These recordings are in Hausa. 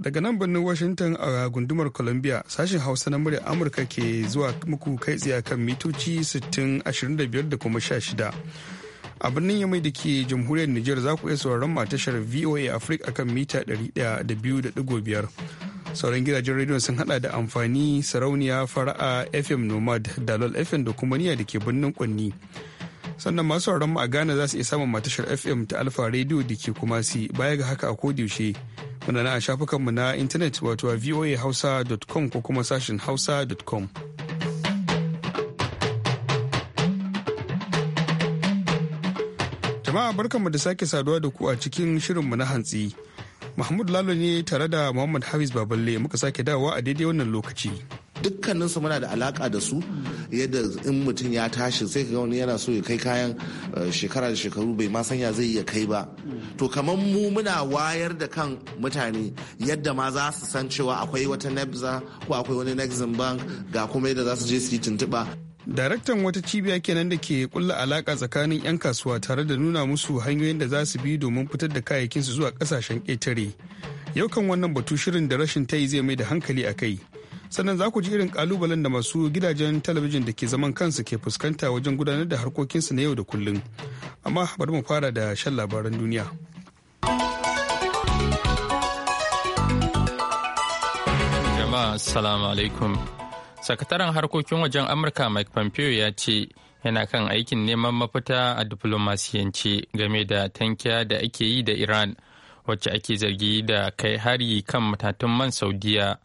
Daga nan birnin Washington a gundumar Columbia sashen Hausa na murya Amurka ke zuwa muku kai tsaye kan mitoci 60 25 da kuma 16. a birnin yamai da ke jamhuriyar niger za ku iya sauraron ma tashar VOA Africa akan mita 102.5. Sauran gidajen rediyon sun hada da amfani sarauniya fara'a FM Nomad, Dalol FM da kuma niya da ke birnin Kwanni. sannan masu mu a Ghana za su iya samun matashar FM ta Alfa Radio da ke kuma si baya ga haka a kodiyaushe muna na a shafukanmu na intanet wato a voahausa.com ko kuma sashin hausa.com. Jama'a barkanmu da sake saduwa da ku a cikin shirin mu na hantsi. Mahmud Lalo ne tare da Muhammad Hafiz Baballe muka sake dawowa a daidai wannan lokaci. dukkaninsu muna da alaka da su yadda in mutum ya tashi sai ka wani yana so ya kai kayan eh, shekara da shekaru bai ma sanya zai iya kai ba to kamar mu muna wayar da kan mutane yadda ma za su san cewa akwai wata nebza ko akwai wani nexin bank ga kuma yadda za su je su yi tuntuɓa daraktan wata cibiya kenan da ke kulla alaka tsakanin 'yan kasuwa tare da nuna musu hanyoyin da za su bi domin fitar da kayayyakinsu zuwa kasashen ƙetare yau kan wannan batu shirin da rashin tayi zai mai da hankali a kai sannan za ku ji irin kalubalen da masu gidajen talabijin da ke zaman kansu ke fuskanta wajen gudanar da harkokinsu na yau da kullum amma bari mu fara da shan labaran duniya assalamu alaikum sakataren harkokin wajen amurka mike pompeo ya ce yana kan aikin neman mafita a diflomasiyance game da tankiya da ake yi da iran wacce ake zargi da kai hari kan matatun man saudiya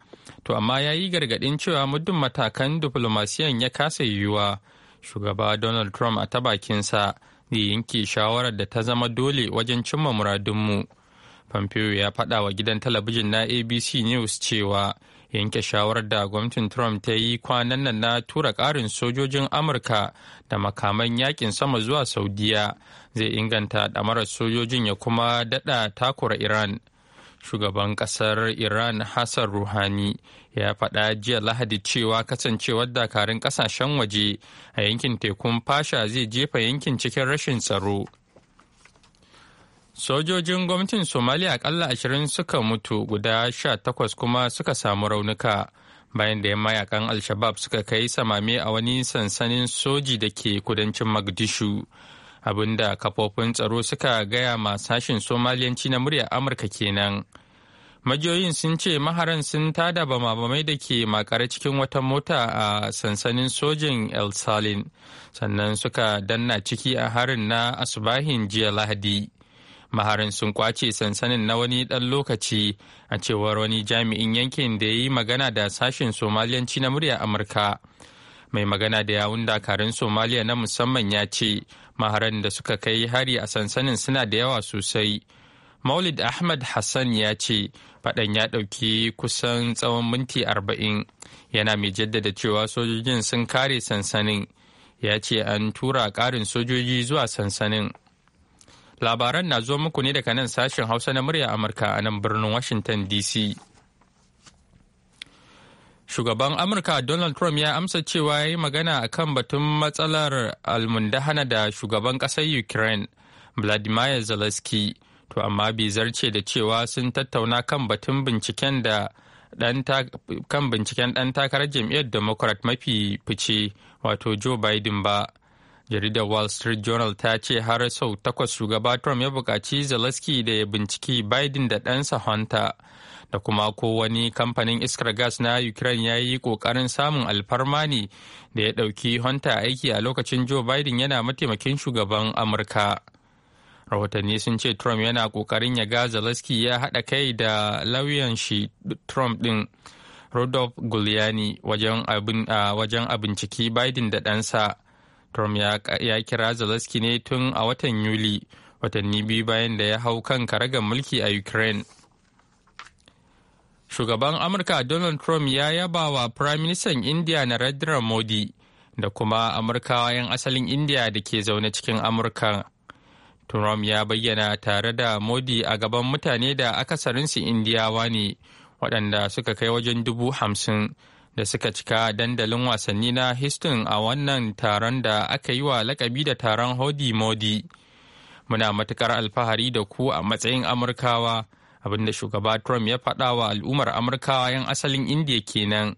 To amma ya yi gargaɗin cewa muddin matakan diflomasiyan ya kasa yiwuwa shugaba Donald Trump a ta sa zai yanke shawarar da ta zama dole wajen cimma muradunmu. Pompeo ya faɗa wa gidan talabijin na ABC News cewa yanke shawarar da gwamnatin Trump ta yi kwanan nan na tura ƙarin sojojin Amurka da makaman yakin sama zuwa Saudiya zai inganta ɗamarar sojojin ya kuma daɗa takura Iran. shugaban kasar iran hassan ruhani ya faɗa jiya lahadi cewa kasancewar dakarun kasashen waje a yankin tekun fasha zai jefa yankin cikin rashin tsaro sojojin gwamnatin somaliya akalla ashirin suka mutu guda sha takwas kuma suka samu raunuka bayan da mayakan al-shabab suka kai samame a wani sansanin soji da ke kudancin magdishu abinda kafofin tsaro suka gaya ma sashin somaliyanci na muryar amurka kenan majiyoyin sun ce maharan sun tada bamabamai da ke makare cikin wata mota a sansanin sojin el salin sannan suka danna ciki a harin na asubahin jiya lahadi maharin sun kwace sansanin na wani ɗan lokaci a cewar wani jami'in yankin da ya yi magana da sashin somaliyanci na murya amurka mai magana da yawun dakarun somaliya na musamman ya ce maharan da suka kai hari a sansanin suna da yawa sosai maulid ahmad hassan ya ce faɗan ya ɗauki kusan tsawon minti arba'in yana mai jaddada cewa sojojin sun kare sansanin ya ce an tura ƙarin sojoji zuwa sansanin labaran na zo muku ne daga nan sashen hausa na murya amurka a nan birnin washington dc Shugaban Amurka Donald Trump ya amsa cewa ya yi magana a kan batun matsalar almundahana da shugaban ƙasar Ukraine, Vladimir Zelensky, to amma bai zarce da cewa sun tattauna kan batun binciken da kan binciken ɗan takarar jam'iyyar Democrat mafi fice, wato Joe Biden ba. jaridar wall street journal ta ce har sau takwas shugaba trump ya buƙaci zelensky da ya binciki biden da ɗansa hunter da kuma ko wani kamfanin iskar gas na ukraine ya yi ƙoƙarin samun alfarma ne da ya ɗauki hunter aiki a lokacin joe biden yana mataimakin shugaban amurka rahotanni sun ce trump yana ƙoƙarin ya ga zelensky ya haɗa kai da lauyan shi trump ɗin rodolph giuliani wajen a binciki biden da ɗansa Trump ya kira Zelensky ne tun a watan Yuli, watanni biyu bayan da ya hau kan karagar mulki a Ukraine. Shugaban Amurka Donald Trump ya yaba wa Prime Minister India Narendra Modi da kuma Amurkawa 'yan asalin India da ke zaune cikin Amurka. Trump ya bayyana tare da Modi a gaban mutane da akasarinsu Indiyawa ne waɗanda suka kai wajen dubu hamsin. da suka cika dandalin wasanni na Houston a wannan taron da aka yi wa lakabi da taron Hodi Modi. Muna matukar alfahari da ku a matsayin Amurkawa, abinda shugaba Trump ya faɗa wa al'ummar Amurkawa 'yan asalin Indiya kenan.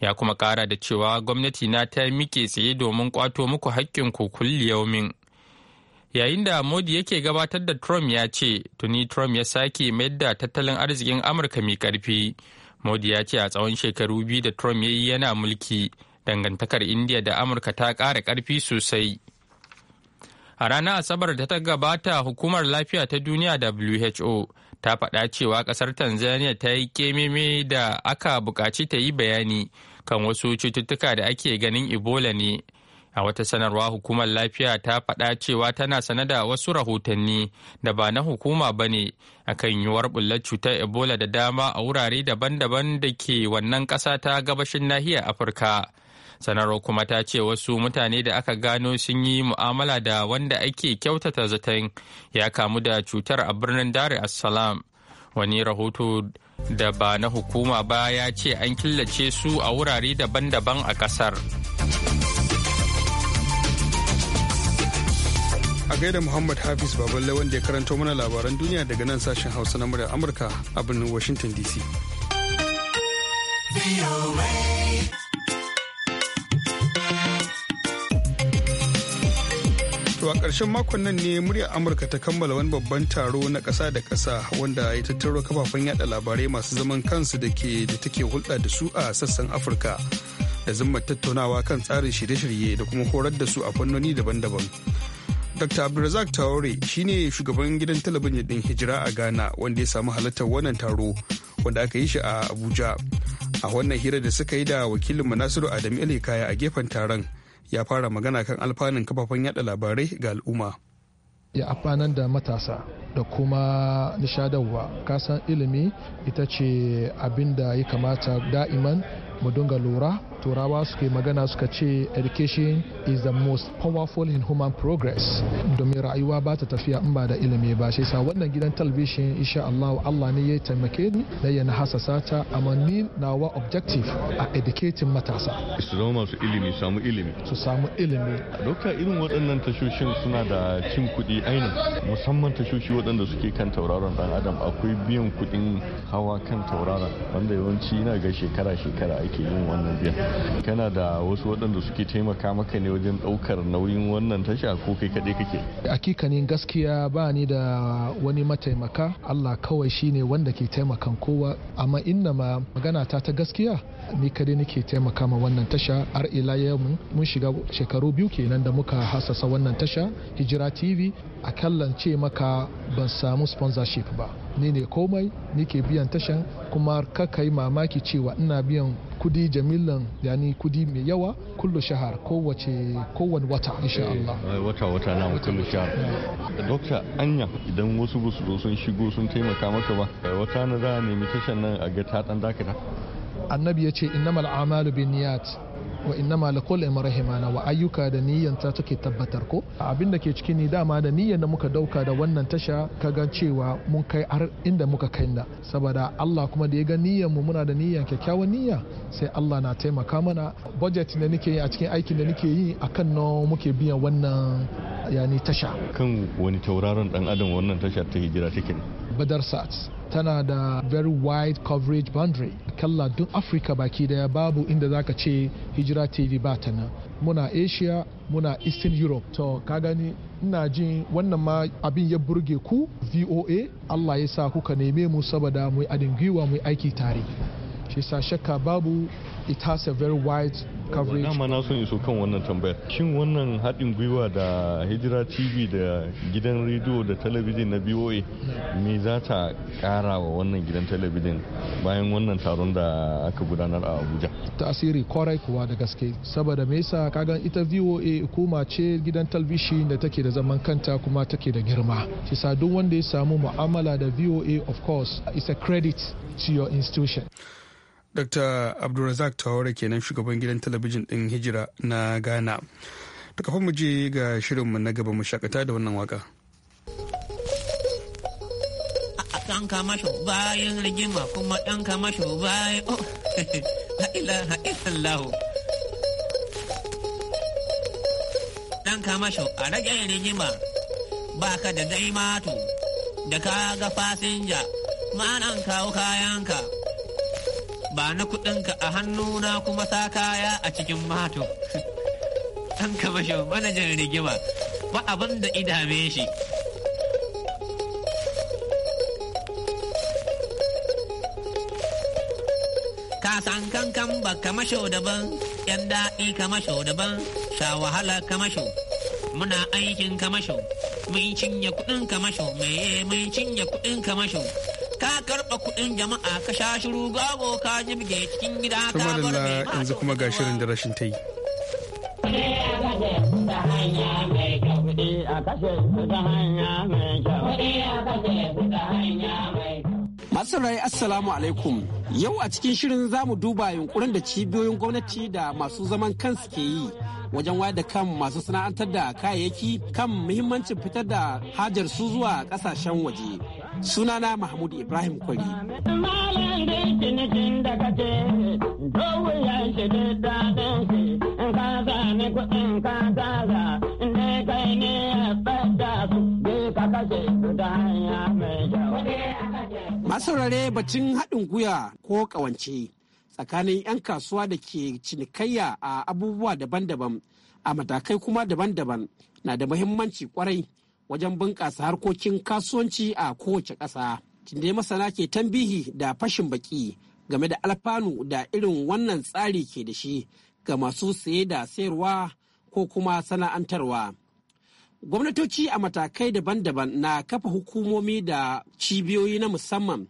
Ya kuma ƙara da cewa gwamnati na ta mike tsaye domin kwato muku haƙƙin ku kulliyaumin. Yayin da Modi yake gabatar da Trump ya ce, tuni Trump ya sake mayar da tattalin arzikin Amurka mai ƙarfi. modi ya ce a tsawon shekaru biyu da trump ya yi yana mulki dangantakar india da amurka ta ƙara ƙarfi sosai a ranar asabar da ta gabata hukumar lafiya ta duniya who ta faɗa cewa ƙasar tanzania ta yi kememe da aka buƙaci ta yi bayani kan wasu cututtuka da ake ganin ebola ne A wata sanarwa hukumar lafiya ta faɗa cewa tana sane da wasu rahotanni da ba na hukuma ba ne akan yiwuwar bullar cutar Ebola da dama a wurare daban-daban da ke wannan ƙasa ta gabashin nahiyar Afirka. sanarwa kuma ta ce wasu mutane da aka gano sun yi mu'amala da wanda ake kyautata zaton ya kamu da cutar a birnin Dar es Wani rahoto da ba na hukuma ba ya ce an killace su a wurare daban-daban a ƙasar. a gaida Muhammad Hafiz Baballe wanda ya karanto mana labaran duniya daga nan sashen Hausa na murya Amurka a birnin Washington DC. To a ƙarshen makon nan ne murya Amurka ta kammala wani babban taro na ƙasa da ƙasa wanda ya tattaro kafafen yada labarai masu zaman kansu da ke da take hulɗa da su a sassan Afirka. da zimmar tattaunawa kan tsarin shirye-shirye da kuma horar da su a fannoni daban-daban. Dr. Abdulrazak shi ne shugaban gidan talabijin ɗin Hijira a Ghana wanda ya samu halartar wannan taro wanda aka yi shi a Abuja. A wannan hira da suka yi da wakilin munasiru Adamu Elikaya a gefen taron ya fara magana kan alfanun kafafen yada labarai ga al'umma. ya amfanar da matasa da kuma nishadarwa kasan ilimi ita ce abin da ya kamata da'iman mu dinga lura turawa suke magana suka ce education is the most powerful in human progress domin rayuwa ba ta tafiya in ba da ilimi ba shi sa wannan gidan talabishin insha Allah Allah ne ya taimake ni da yana hasasa ta amma ni nawa objective a educating matasa su zama masu ilimi samu ilimi su samu ilimi doka irin waɗannan tashoshin suna da cin kuɗi ainihin musamman tashoshi waɗanda suke kan tauraron dan adam akwai biyan kuɗin hawa kan tauraron wanda yawanci yana ga shekara-shekara ake yin wannan biyan kana da wasu waɗanda suke taimaka maka ne wajen ɗaukar nauyin wannan tasha ko kai kaɗai kake ne gaskiya ba ni da wani mataimaka allah kawai shine wanda ke taimakan kowa amma inna ma magana ta ta gaskiya ni kadai nake taimaka ma wannan tasha har ila yau mun shiga shekaru biyu kenan da muka hasasa wannan tasha hijira tv a ce maka ban samu sponsorship ba ni ne komai nike biyan tashan kuma kaka yi mamaki cewa ina biyan kudi jamilan yani kudi mai yawa kullu shahar kowace kowane wata insha eh, Allah eh, wata wata na kullu shahar eh. dokta anya idan wasu ba zo sun shigo sun taimaka maka ba wata na za a nemi tashan nan a ga ta dan dakata annabi ya ce innamal a'malu binniyat wa inna ma la kulli imrahimana wa ayyuka da niyyan ta take tabbatar ko abin da ke cikin ni dama da niyyan da muka dauka da wannan tasha ka kaga cewa mun kai har inda muka kai na saboda Allah kuma da ya ga niyyan mu muna da niyyan kyakkyawan niyya sai Allah na taimaka mana budget da nake yi a cikin aikin da nake yi akan no muke biyan wannan yani tasha kan wani tauraron dan adam wannan tasha ta hijira take ne badar sa'at tana da very wide coverage boundary kalla duk afirka baki daya babu inda zaka ce hijira tv ba ta nan muna asia muna eastern europe to ka gani ina jin wannan ma abin ya burge ku voa allah ya sa kuka neme mu saboda mu adin gwiwa mu aiki tare shi sa shakka babu it has a very wide coverage. Dama na son iso kan wannan tambayar. Shin wannan haɗin gwiwa da Hijira TV da gidan rediyo da talabijin na BOA me za ta ƙara wa wannan gidan talabijin bayan wannan taron da aka gudanar a Abuja? Tasiri kwarai kuwa da gaske saboda me yasa kagan ita VOA hukuma ce gidan talabijin da take da zaman kanta kuma take da girma. Shi duk wanda ya samu mu'amala da VOA of course is a credit to your institution. Dr. Abdulrazak Tawara kenan shugaban gidan talabijin din Hijira na Ghana. Ta kafa mu je ga shirinmu na gaba mu shakata da wannan waka. Ɗan kama bayan rigima kuma ɗan kama bayan oh, a rage rigima ba ka da zai matu da ka ga fasinja nan kawo kayanka. ba na kuɗinka a hannuna kuma sa kaya a cikin mato ɗan kamasho manajan rigima ba abin da idame shi kasan kankan ba kamasho daban yan daɗi kamasho daban sha wahala kamasho muna aikin kamasho mun cinye kuɗin kamasho meye mai cinye kuɗin kamasho ka karɓa kuɗin jama'a ka sha shiru gago ka jibge cikin gida ka bar mai yanzu kuma ga shirin da rashin ta yi. Masu rai Assalamu alaikum. Yau a cikin shirin zamu duba yunkurin da cibiyoyin gwamnati da masu zaman kansu ke yi wajen wayar da kan masu sana'antar da kayayyaki kan muhimmancin fitar da hajar su zuwa kasashen waje. sunana mahmud ibrahim kwari masaurare bacin haɗin guya ko ƙawance tsakanin 'yan kasuwa da ke cinikayya a abubuwa daban-daban a matakai kuma daban-daban na da muhimmanci kwarai wajen bunƙasa harkokin kasuwanci a kowace ƙasa. Tunda masana ke tambihi da fashin baki game da alfanu da irin wannan tsari ke da shi ga masu saye da sayarwa ko kuma sana'antarwa. Gwamnatoci a matakai daban-daban na kafa hukumomi da cibiyoyi na musamman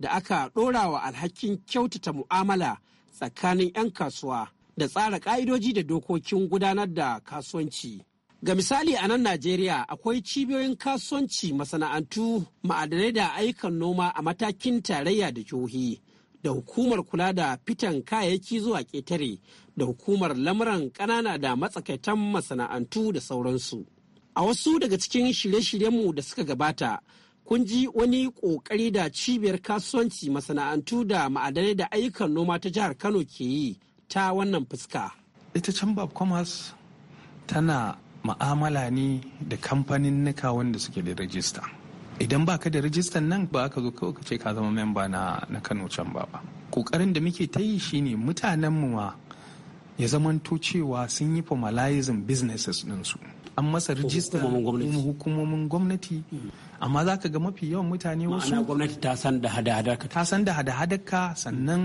da aka ɗora wa alhakin kyautata mu'amala tsakanin 'yan kasuwa da tsara ƙa'idoji da dokokin gudanar da kasuwanci. Ga misali a nan Najeriya akwai cibiyoyin kasuwanci masana'antu ma'adanai da ayyukan noma a matakin tarayya da jihohi da hukumar kula da fitan kayayyaki zuwa ƙetare da hukumar lamuran ƙanana da matsakaitan masana'antu da sauransu. A wasu daga cikin shirye-shiryenmu da suka gabata, kun ji wani ƙoƙari da cibiyar kasuwanci masana'antu da ma'adanai da ayyukan noma ta jihar Kano ke yi ta wannan fuska. Ita Chamber of Commerce tana ma'amala ne da kamfanin nika wanda suke da rajista idan baka da rajistan nan ba ka zo kawai ka ce ka zama memba na, na kano can ba ba kokarin da muke ta yi shine mutanen mu ma ya zamanto cewa sun yi formalizing businesses ɗinsu an masa rijista hukumomin gwamnati amma za ka ga mafi yawan mutane wasu ma'ana gwamnati ta san da hada-hadarka ta san da hada-hadarka sannan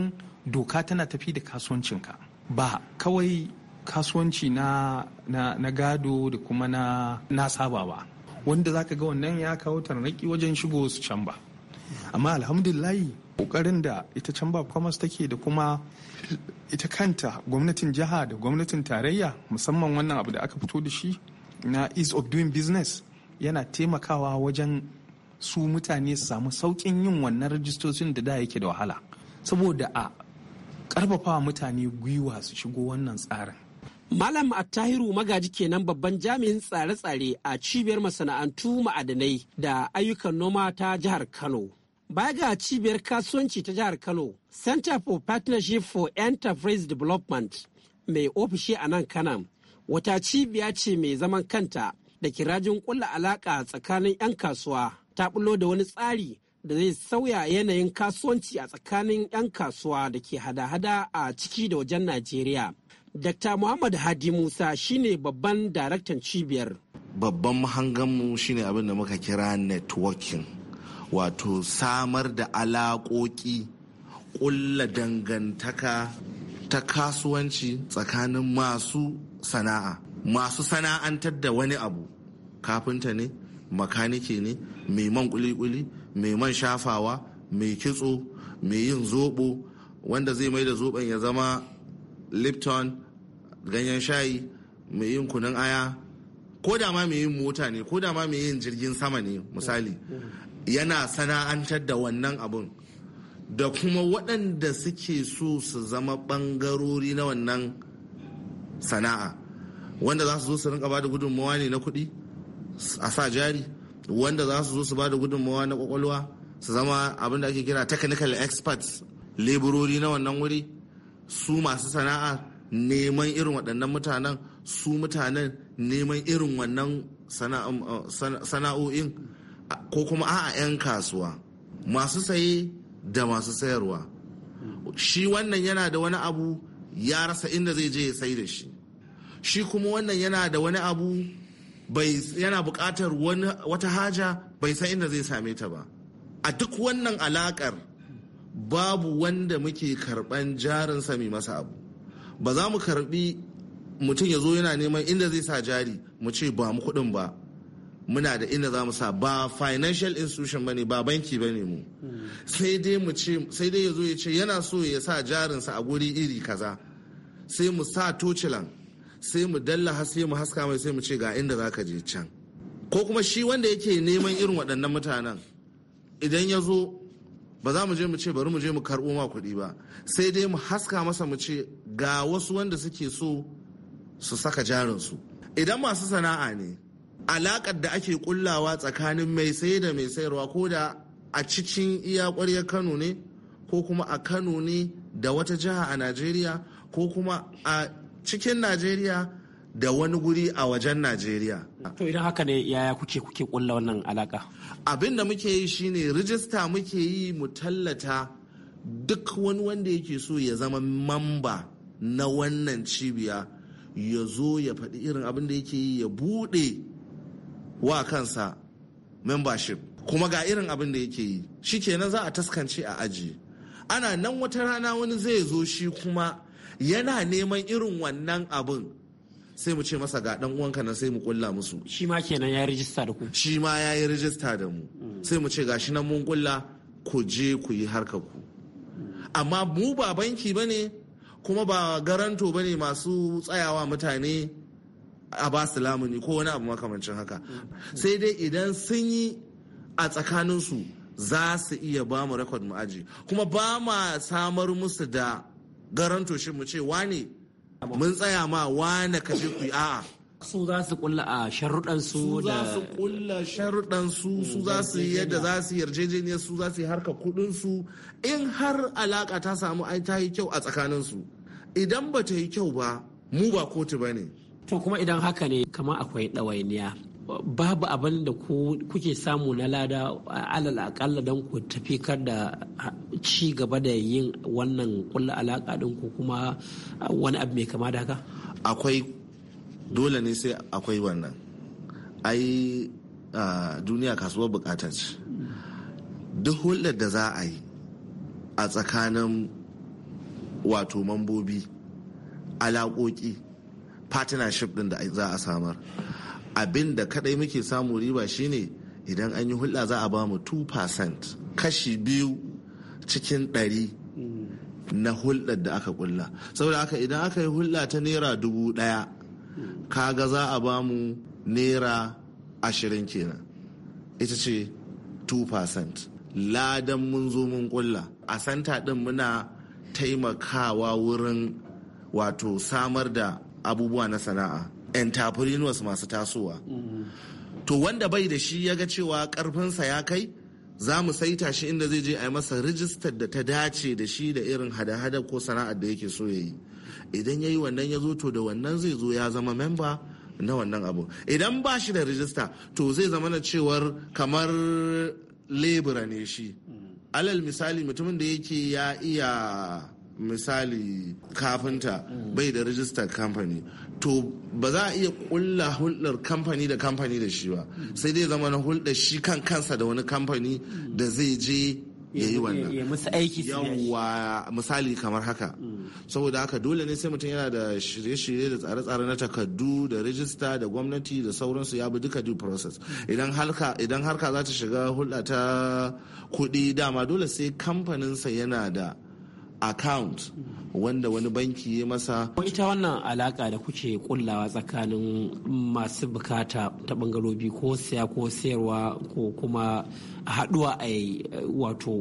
doka tana tafi da kasuwancinka ba kawai kasuwanci na, na, gado da kuma na, na saba ba wanda zaka ga wannan ya kawo tarnaki wajen shigo su can ba amma alhamdulillahi kokarin da ita can ba commerce take da kuma ita kanta gwamnatin jiha da gwamnatin tarayya musamman wannan abu da aka fito da shi na ease of doing business yana taimakawa wajen su mutane su samu sauƙin yin wannan rajistocin da da yake da wahala saboda a ƙarfafa mutane gwiwa su shigo wannan tsarin Malam Attahiru Magaji kenan babban jami'in tsare-tsare a cibiyar masana'antu ma'adanai da ayyukan noma ta jihar Kano. Baya ga cibiyar kasuwanci ta jihar Kano, Center for Partnership for Enterprise Development mai ofishi a nan Kanan, wata cibiya ce mai zaman kanta da kirajin kulla alaka tsakanin 'yan kasuwa ta bullo da wani tsari da zai sauya yanayin kasuwanci a tsakanin 'yan kasuwa da ke hada-hada a ciki da wajen Najeriya. Dr. Muhammad Hadi Musa shine babban daraktan cibiyar. Babban mahanganmu shine abin da muka kira networking, wato samar da alaƙoƙi, ƙulla dangantaka ta kasuwanci tsakanin masu sana'a. Masu sana'antar da wani abu, kafinta ne, makanike ne, mai man kuli-kuli, mai man shafawa, mai kitso, mai yin zobo, wanda zai mai da zoben ya zama Lipton ganyen shayi mai yin kunun aya ko da ma mai yin mota ne ko da ma mai yin jirgin sama ne misali yana sana'antar da wannan abun da kuma waɗanda suke so su zama ɓangarori na wannan sana'a wanda za su zo su rinka ba da gudunmawa ne na kuɗi a sa jari wanda za su zo su ba da gudunmawa na kwakwalwa su zama abin da ake kira technical experts leburori na wannan wuri su masu sana'a neman irin waɗannan mutanen su mutanen neman irin wannan um, uh, sana'o'in ko kuma a'a 'yan kasuwa masu saye da masu sayarwa shi wannan yana da wani abu ya rasa inda zai je ya sai da shi shi kuma wannan yana da wani abu yana buƙatar wata haja bai san inda zai same ta ba a duk wannan alaƙar babu wanda muke karɓan jarinsa mai masa abu ba za mu karbi mutum ya zo yana neman inda zai sa jari mu ce ba mu kuɗin ba muna da inda za mu sa ba financial institution ba ne ba banki ba mu sai dai mu sai dai ya zo ya ce yana so ya sa jarinsa a guri iri kaza sai mu sa tocilan sai mu dalla sai mu haska mai sai mu ce ga inda za ka je can ko kuma shi wanda yake neman irin waɗannan mutanen idan ya zo ba za mu je mu ce bari mu je mu karɓo ma kuɗi ba sai dai mu haska masa mu ce ga wasu wanda suke so su saka jarinsu idan masu sana'a ne alaƙar da ake kullawa tsakanin mai sai da mai sayarwa ko da a cikin iya kano ne ko kuma a kano ne da wata jiha a najeriya ko kuma a cikin najeriya da wani guri a wajen Najeriya. To idan haka ne yaya kuke kuke kulla wannan alaka? Abin da muke yi shine rijista muke yi mu tallata duk wani wanda yake so ya zama mamba na wannan cibiya ya zo ya faɗi irin abin da yake yi ya buɗe wa kansa membership kuma ga irin abin da yake yi shi kenan za a taskance a aji ana nan wata rana wani zai zo shi kuma yana neman irin wannan abin sai mu ce masa ga dan uwanka nan sai mu kulla musu shi ma kenan ya rijista da ku shi ma ya yi rijista da mu mm. sai mu ce ga shi nan mun kulla ku je ku yi harka ku amma mu ba banki bane kuma ba garanto bane masu tsayawa mutane a ba su lamuni ko wani abu makamancin haka mm. sai dai idan sun yi a tsakaninsu za su iya ba mu rekod mu aji kuma ba ma samar musu da garanto shi mu ce wane mun tsaya ma wane ka fi kuyi a'a su za su kulla a sharuɗan su za su kulla sharuɗan su mm, za su yi yadda za su yarjejeniyar su za su yi harka kuɗin su in har alaka ta samu ai ta yi kyau a tsakanin su idan ba ta yi kyau ba mu ba kotu ba ne to kuma idan haka ne kamar akwai ɗawainiya babu abin da kuke samu na lada alal akalla don ku tafi kar da ci gaba da yin wannan kulla alaka din ko kuma wani abu mai kama da haka akwai dole ne sai akwai wannan ai duniya kasuwar bukatar ce duk hulɗar da za a yi a tsakanin wato mambobi alaƙoƙi partnership din da za a samar abin da kadai muke samu riba shine idan an yi hulɗa za a ba mu 2% kashi biyu cikin ɗari na hulɗar da aka ƙulla. saboda haka idan aka yi hulɗa ta naira dubu ɗaya kaga za a ba mu naira ashirin kenan ita ce 2% ladan mun zo mun ƙulla. a santa ɗin muna taimakawa wurin wato samar da abubuwa na sana'a entrepreneurs masu tasowa to wanda bai da shi ya ga cewa karfinsa ya kai za mu saita shi inda zai je a yi masa rijistar da ta dace da shi da irin hada-hada ko sana'ar da yake so ya yi idan ya yi wannan ya zo to da wannan zai zo ya zama memba na wannan abu idan ba shi da rijista to zai zama na cewar kamar lebura ne shi alal misali mutumin da yake ya iya misali kafinta bai da rijistar kamfani to ba za a iya kulla hulɗar kamfani da kamfani da shi ba sai dai zama na hulɗa shi kan kansa da wani kamfani da zai je ya yi wannan yawwa misali kamar haka saboda haka dole ne sai mutum yana da shirye-shirye da tsare-tsare na takardu da rijista da gwamnati da sauransu ya bi duka due process idan harka idan za ta shiga hulɗa ta kuɗi dama dole sai kamfaninsa yana da account wanda wani banki ya masa. ita wannan alaka da kuke kullawa tsakanin masu bukata ta bangarobi ko siya ko sayarwa ko kuma haduwa a wato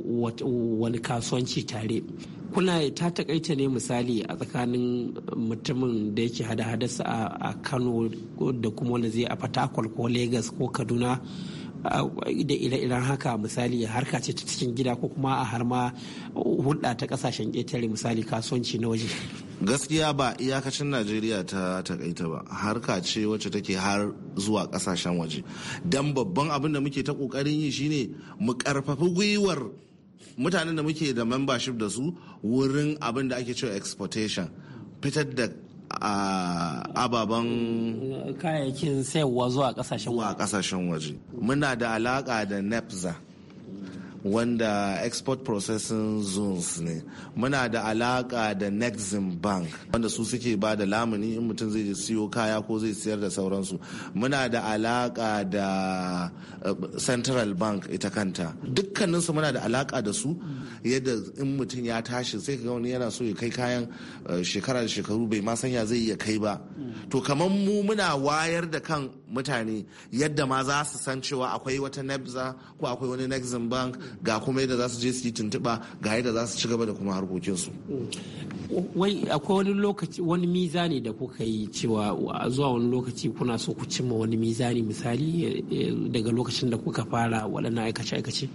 wani kasuwanci tare kuna ta takaita ne misali a tsakanin mutumin da yake hada hadasa a kano da kuma wanda zai a fatakwal ko lagos ko kaduna da ire-iren haka misali harka ce ta cikin gida ko kuma a har hulɗa ta ƙasashen ƙetare misali kasuwanci na waje gaskiya ba iyakacin najeriya ta takaita ba harka ce wacce take har zuwa kasashen waje don babban abin da muke ta ƙoƙarin yi shine mu ƙarfafi gwiwar mutanen da muke da membership da su wurin abin da ake cewa exportation fitar da A ababen kayayyakin sayarwa zuwa kasashen waje muna da alaka da nepza wanda export processing zones ne muna da alaka da nexim bank wanda su suke ba da lamuni in mutum zai siyo kaya ko zai siyar da sauransu muna da alaka da eh, central bank ita kanta dukkaninsu muna da alaka da su yadda in mutum ya tashi sai ga wani yana so ya kai kayan eh, shekara da shekaru bai ma sanya zai iya kai ba to kamar mu muna wayar da kan mutane yadda ma za su san cewa akwai wata nebza ko akwai wani nexin bank ga kuma yadda za su je su yi tuntuɓa ga yadda za su ci gaba da kuma harkokinsu. wai akwai wani lokaci wani mizani da kuka yi cewa zuwa wani lokaci kuna so ku cimma wani mizani misali eh, eh, daga lokacin da kuka fara waɗannan aikace-aikace?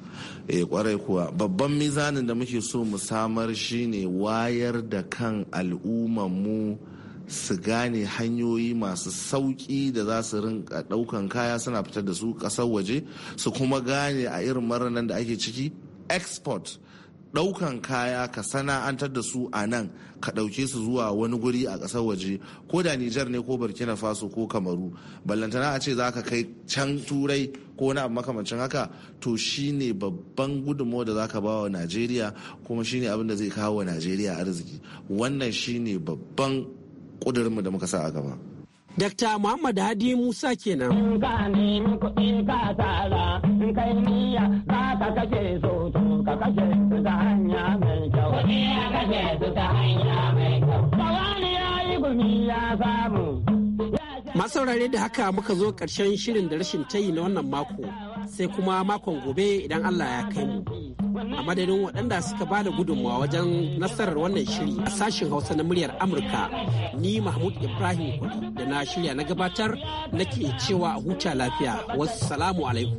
e eh, kwarai kuwa babban mizanin da muke so mu samar shine wayar da kan al'umman mu su gane hanyoyi masu sauƙi da za su rinka ɗaukan kaya suna fitar da su ƙasar waje su kuma gane a irin maranan da ake ciki export ɗaukan kaya ka sana'antar da su a nan ka ɗauke su zuwa wani guri a ƙasar waje ko da Nijar ne ko Burkina Faso ko Kamaru ballantana a ce za ka kai can turai ko wani abu makamancin haka to shine babban gudunmawa da za ka ba wa Najeriya kuma shine abin da zai kawo wa Najeriya arziki wannan shine babban ƙudurinmu da muka sa a gaba. Dakta Muhammad Hadi Musa kenan. In ka nemi kuɗi ka tara, in kai niyya Ba ka kashe so to ka kashe su ta hanya mai kyau. Kuɗi ya kashe su ta hanya mai kyau. Kawani ya yi gumi ya samu. saurari da haka muka zo karshen shirin da rashin tayi na wannan mako sai kuma makon gobe idan allah ya kai mu a madadin waɗanda suka ba da gudunmawa wajen nasarar wannan shiri a sashen hausa na muryar amurka ni mahmud ibrahim kudi da na shirya na gabatar nake cewa a huta lafiya wasu salamu alaikum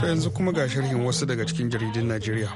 ta yanzu kuma ga sharhin wasu daga cikin jaridun najeriya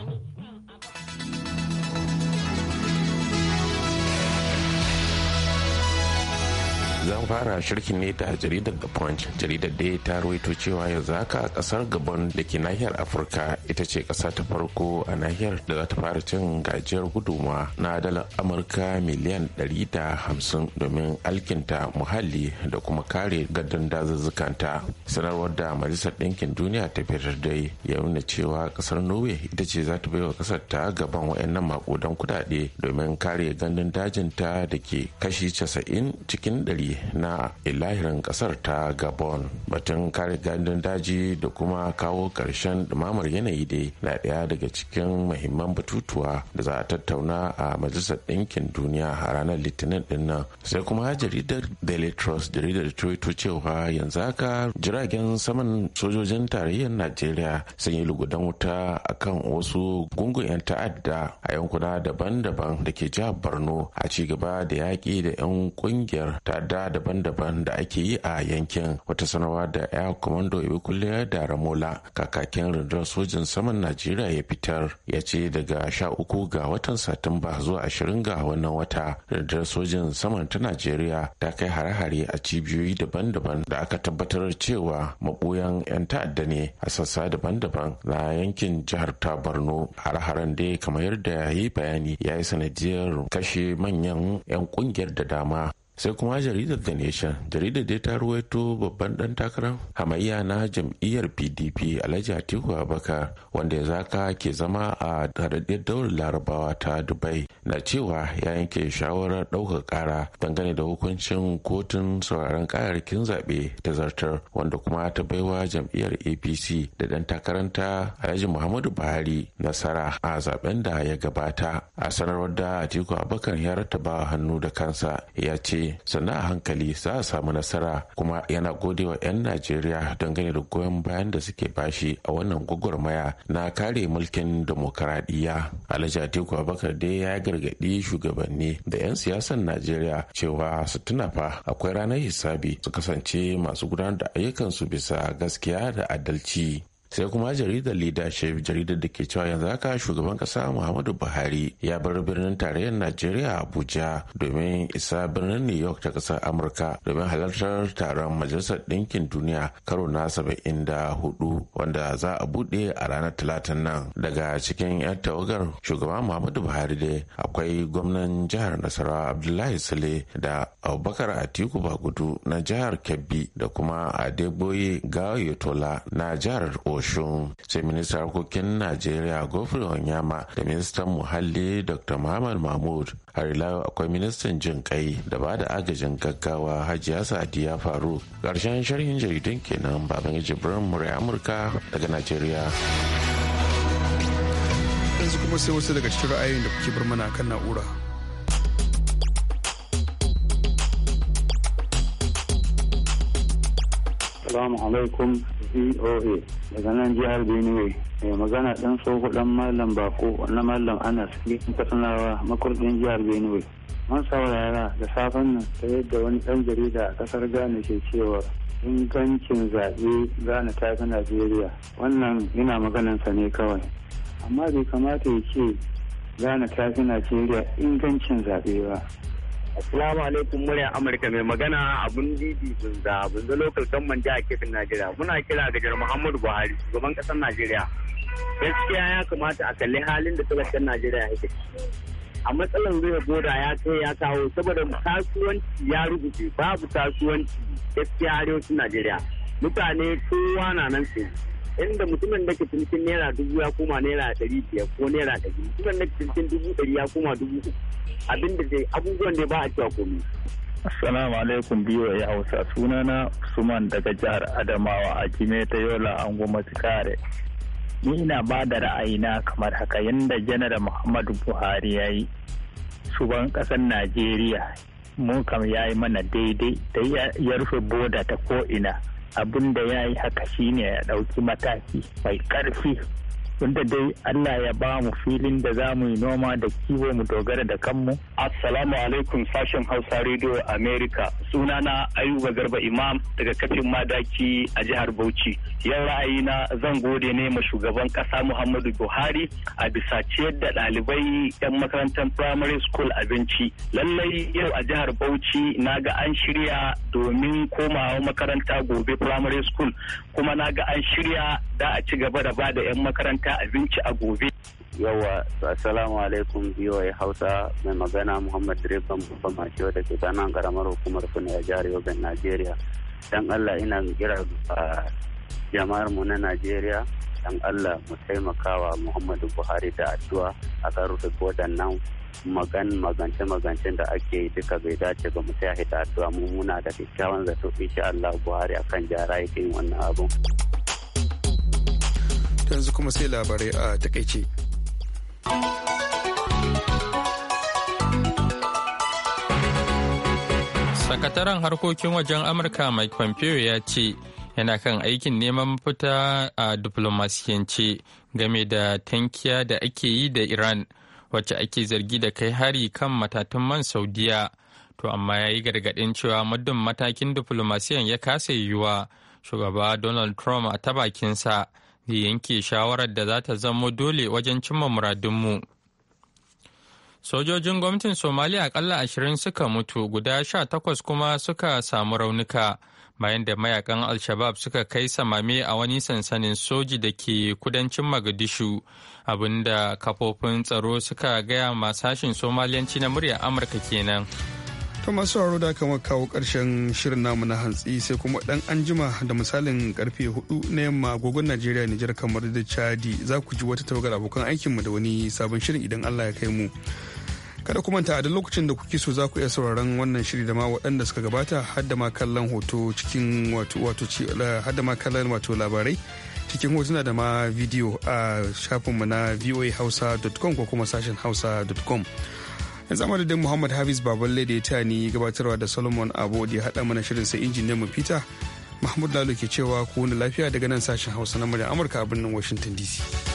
zan fara shirkin ne da jaridar the punch jaridar da ta rawaito cewa yanzu haka kasar gabon da ke nahiyar afirka ita ce kasa ta farko a nahiyar da za ta fara cin gajiyar guduma na dalar amurka miliyan 150 domin alkinta muhalli da kuma kare gadon dazuzzukanta sanarwar da majalisar ɗinkin duniya ta fitar dai ya nuna cewa kasar norway ita ce za ta baiwa kasar ta gaban wayannan makudan kudade domin kare gandun dajinta da ke kashi 90 cikin ɗari. na ilahirin kasar ta gabon batun kare gandun daji da kuma kawo karshen dumamar yanayi dai na ɗaya daga cikin mahimman batutuwa da za a tattauna a majalisar ɗinkin duniya a ranar litinin din nan sai kuma jaridar daily trust jaridar toyoto cewa yanzu haka jiragen saman sojojin tarayyar najeriya sun yi lugudan wuta akan wasu gungun 'yan ta'adda a yankuna daban-daban da ke jihar borno a ci gaba da yaƙi da 'yan ƙungiyar ta'adda daban-daban da ake yi a yankin wata sanarwa da air commando ibikulle da ramola kakakin rundunar sojin saman najeriya ya fitar ya ce daga sha uku ga watan satumba zuwa ashirin ga wannan wata rundunar sojin saman ta najeriya ta kai hare-hare a cibiyoyi daban-daban da aka tabbatar cewa mabuyan 'yan ta'adda ne a sassa daban-daban na yankin jihar ta borno hare-haren dai kamar yadda ya yi bayani ya yi sanadiyar kashe manyan 'yan kungiyar da dama sai kuma jaridar da nation jaridar da ta ruwaito babban dan takarar hamayya na jam'iyyar pdp alhaji atiku abaka wanda ya zaka ke zama a haɗaɗɗiyar daular larabawa ta dubai na cewa ya yanke shawarar ɗaukar ƙara dangane da hukuncin kotun sauraron kayayyakin zaɓe ta zartar wanda kuma ta baiwa jam'iyyar apc da dan takaranta alhaji muhammadu buhari nasara a zaben da ya gabata a sanarwar da atiku abakan ya rattaba hannu da kansa ya ce sannan a hankali za a samu nasara kuma yana gode wa 'yan najeriya dangane da goyon bayan da suke bashi a wannan gwagwarmaya na kare mulkin demokaradiyya alhaji atiku abubakar dai ya gargadi shugabanni da 'yan siyasan najeriya cewa su tuna fa akwai ranar hisabi su kasance masu gudanar da ayyukansu bisa gaskiya da adalci sai kuma jaridar leadership jaridar da ke cewa yanzu haka shugaban kasa muhammadu buhari ya bar birnin tarayyar najeriya abuja domin isa birnin new york ta kasar amurka domin halartar taron majalisar ɗinkin duniya karo na saba'in da hudu wanda za a buɗe a ranar talatin nan daga cikin 'yan tawagar shugaban muhammadu buhari dai akwai gwamnan jihar nasarawa abdullahi sule da abubakar atiku bagudu na jihar kebbi da kuma adeboye Tola na jihar osh oshun sai ministan harkokin najeriya gofri onyama da ministan muhalli dr muhammad mahmud har ila akwai ministan jin kai da ba da agajin gaggawa hajiya sadiya faru ƙarshen sharhin jaridun kenan baban jibrin murai amurka daga najeriya yanzu kuma sai wasu daga cikin ra'ayoyin da kuke bar mana kan na'ura Assalamu alaikum voa daga nan jihar benue mai magana ɗan tsoho malam bako na malam anas gidan katsinawa makurdin jihar benue mun saurara da safen nan ta yadda wani ɗan jarida a ƙasar ghana ke cewa ingancin zaɓe ghana ta fi najeriya wannan yana maganansa ne kawai amma bai kamata ya ce ghana ta fi najeriya ingancin zaɓe ba Assalamu alaikum murya Amurka mai magana abun didi bunza bunza local government jihar Kebbi Najeriya muna kira ga jar Muhammadu Buhari shugaban kasar Najeriya gaskiya ya kamata a kalli halin da talakan Najeriya yake a matsalar zuwa boda ya kai ya kawo saboda kasuwanci ya rubuce babu kasuwanci gaskiya arewacin Najeriya mutane kowa na nan sai, inda mutumin da ke cinikin naira dubu ya koma naira ɗari biyar ko naira ɗari mutumin da ke cinikin dubu ɗari ya koma dubu uku abin da dai abubuwan ne ba a cewa komi. Assalamu alaikum biyo ya hausa sunana Usman daga jihar Adamawa a Jime ta Yola goma kare. Ni ina ba da ra'ayina kamar haka yadda janar Muhammadu Buhari ya yi shugaban ƙasar Najeriya mun kam ya yi mana daidai da ya rufe boda ta ko'ina abin da ya yi haka shine ya ɗauki mataki mai ƙarfi tunda dai Allah ya ba mu filin da za mu yi noma da kiwo mu dogara da kanmu. Assalamu alaikum sashen Hausa Radio America. Sunana Ayuba Garba Imam daga kafin madaki a jihar Bauchi. Yau ra'ayina zan gode ne ma shugaban kasa Muhammadu Buhari a bisa ciyar da ɗalibai 'yan makarantar primary school abinci. Lallai yau a jihar Bauchi na ga an shirya domin komawa makaranta gobe primary school kuma na ga an shirya da a ci gaba da ba da 'yan makaranta abinci a gobe. Yawa, assalamu alaikum biyoyi Hausa mai magana Muhammad Direban Bufa Mashiwa da ke ganan karamar hukumar Kuna jari Yobe, Najeriya. Dan Allah ina gira a jama'ar mu na Najeriya. Dan Allah mu taimakawa Muhammadu Buhari da addu'a a kan rufe waɗannan magan magance magancen da ake yi duka bai dace ba mu tashi da addu'a mu muna da kyakkyawan zato insha Allah Buhari akan jara yake yin wannan abun. yanzu kuma sai labarai a takaice. sakataren harkokin wajen amurka mike pompeo ya ce yana kan aikin neman mafita a diplomasiyance game da tankiya da ake yi da iran wacce ake zargi da kai hari kan matatun man saudiya to amma ya yi gargaɗin cewa muddin matakin diplomasiyan ya kasa yiwuwa shugaba donald trump a ta bakinsa da yanke shawarar da za ta zamo dole wajen cimma muradunmu. Sojojin gwamnatin Somaliya akalla ashirin suka mutu guda sha takwas kuma suka samu raunuka bayan da mayakan Al-Shabab suka kai samame a wani sansanin soji da ke kudancin Magadishu abinda kafofin tsaro suka gaya masashin Somaliyanci na muryar Amurka kenan. To masu sauraro da kama kawo ƙarshen shirin namu na hantsi sai kuma ɗan anjima da misalin karfe hudu na yamma agogon Najeriya Nijar kamar da Chadi za ku ji wata tawagar abokan aikinmu da wani sabon shirin idan Allah ya kai mu. Kada ku manta a duk lokacin da kuke so za ku iya sauraron wannan shiri da ma waɗanda suka gabata har da ma kallon hoto cikin wato wato ma kallon wato labarai cikin hotuna da ma bidiyo a shafinmu na voahausa.com ko kuma sashen hausa.com. yanzu amadadin muhammad hafiz baballe da ya ta ni gabatarwa da solomon abu da ya haɗa mana shirin sai injiniyan mu peter mahmud lalo ke cewa ku wani lafiya daga nan sashen hausa na murya amurka a birnin washington dc